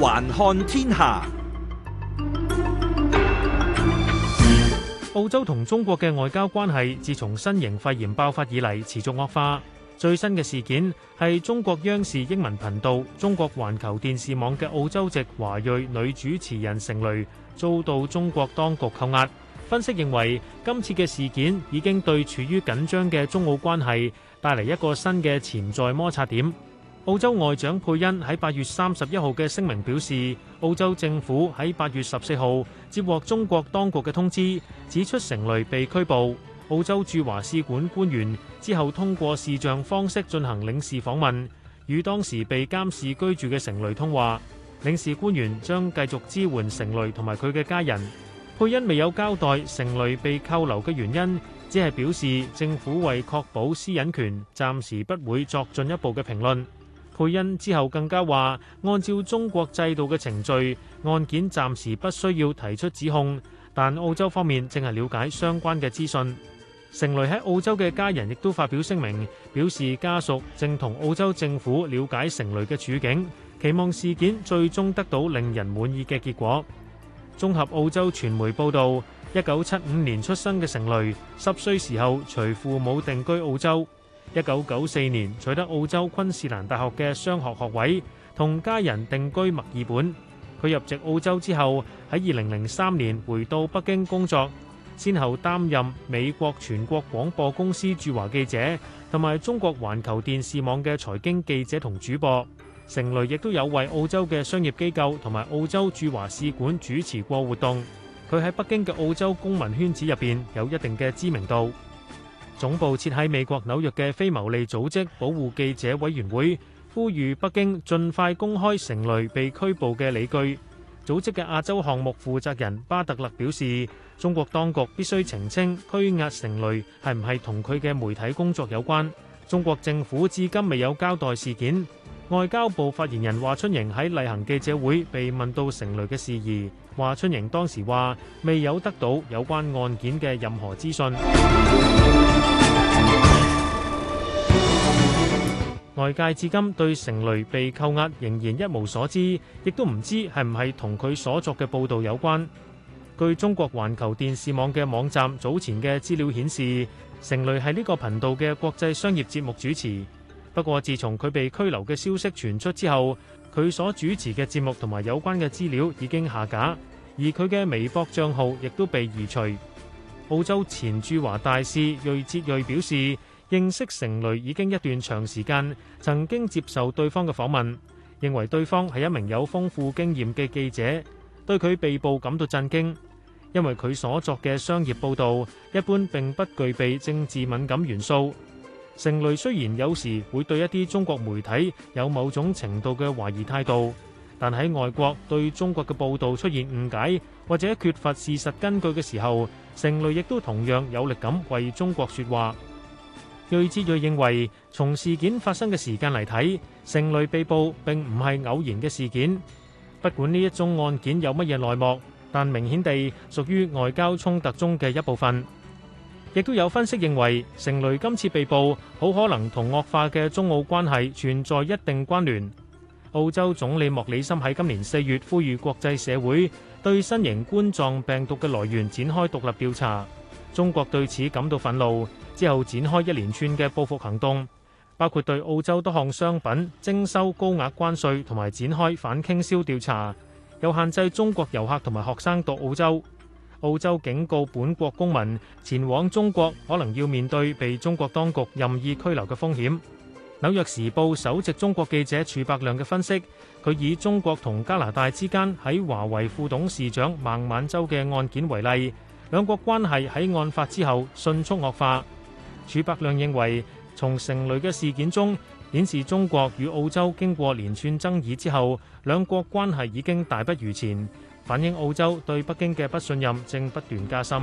環看天下，澳洲同中國嘅外交關係，自從新型肺炎爆發以嚟持續惡化。最新嘅事件係中國央視英文頻道、中國環球電視網嘅澳洲籍華裔女主持人成蕾遭到中國當局扣押。分析認為，今次嘅事件已經對處於緊張嘅中澳關係帶嚟一個新嘅潛在摩擦點。澳洲外長佩恩喺八月三十一號嘅聲明表示，澳洲政府喺八月十四號接獲中國當局嘅通知，指出成蕾被拘捕。澳洲駐華使館官員之後通過視像方式進行領事訪問，與當時被監視居住嘅成蕾通話。領事官員將繼續支援成蕾同埋佢嘅家人。佩恩未有交代成蕾被扣留嘅原因，只係表示政府為確保私隱權，暫時不會作進一步嘅評論。佩恩之後更加話，按照中國制度嘅程序，案件暫時不需要提出指控，但澳洲方面正係了解相關嘅資訊。成蕾喺澳洲嘅家人亦都發表聲明，表示家屬正同澳洲政府了解成蕾嘅處境，期望事件最終得到令人滿意嘅結果。綜合澳洲傳媒報導，一九七五年出生嘅成蕾，十歲時候隨父母定居澳洲。一九九四年取得澳洲昆士蘭大學嘅商學學位，同家人定居墨爾本。佢入籍澳洲之後，喺二零零三年回到北京工作，先後擔任美國全國廣播公司駐華記者，同埋中國環球電視網嘅財經記者同主播。成蕾亦都有為澳洲嘅商業機構同埋澳洲駐華使館主持過活動。佢喺北京嘅澳洲公民圈子入邊有一定嘅知名度。總部設喺美國紐約嘅非牟利組織保護記者委員會呼籲北京盡快公開成蕾被拘捕嘅理據。組織嘅亞洲項目負責人巴特勒表示，中國當局必須澄清拘押成蕾係唔係同佢嘅媒體工作有關。中國政府至今未有交代事件。外交部發言人華春瑩喺例行記者會被問到成蕾嘅事宜。華春瑩當時話：未有得到有關案件嘅任何資訊。 外界至今對成蕾被扣押仍然一無所知，亦都唔知係唔係同佢所作嘅報道有關。據中國環球電視網嘅網站早前嘅資料顯示，成蕾係呢個頻道嘅國際商業節目主持。不過，自從佢被拘留嘅消息傳出之後，佢所主持嘅節目同埋有關嘅資料已經下架。而佢嘅微博賬號亦都被移除。澳洲前駐華大使芮捷睿表示，認識成蕾已經一段長時間，曾經接受對方嘅訪問，認為對方係一名有豐富經驗嘅記者，對佢被捕感到震驚，因為佢所作嘅商業報道一般並不具備政治敏感元素。成蕾雖然有時會對一啲中國媒體有某種程度嘅懷疑態度。但喺外國對中國嘅報導出現誤解或者缺乏事實根據嘅時候，成蕾亦都同樣有力咁為中國説話。瑞哲瑞認為，從事件發生嘅時間嚟睇，成蕾被捕並唔係偶然嘅事件。不管呢一宗案件有乜嘢內幕，但明顯地屬於外交衝突中嘅一部分。亦都有分析認為，成蕾今次被捕好可能同惡化嘅中澳關係存在一定關聯。澳洲總理莫里森喺今年四月呼籲國際社會對新型冠狀病毒嘅來源展開獨立調查，中國對此感到憤怒，之後展開一連串嘅報復行動，包括對澳洲多項商品徵收高額關稅同埋展開反傾銷調查，又限制中國遊客同埋學生到澳洲。澳洲警告本國公民前往中國可能要面對被中國當局任意拘留嘅風險。紐約時報首席中國記者儲白亮嘅分析，佢以中國同加拿大之間喺華為副董事長孟晚舟嘅案件為例，兩國關係喺案發之後迅速惡化。儲白亮認為，從成蕾嘅事件中顯示，中國與澳洲經過連串爭議之後，兩國關係已經大不如前，反映澳洲對北京嘅不信任正不斷加深。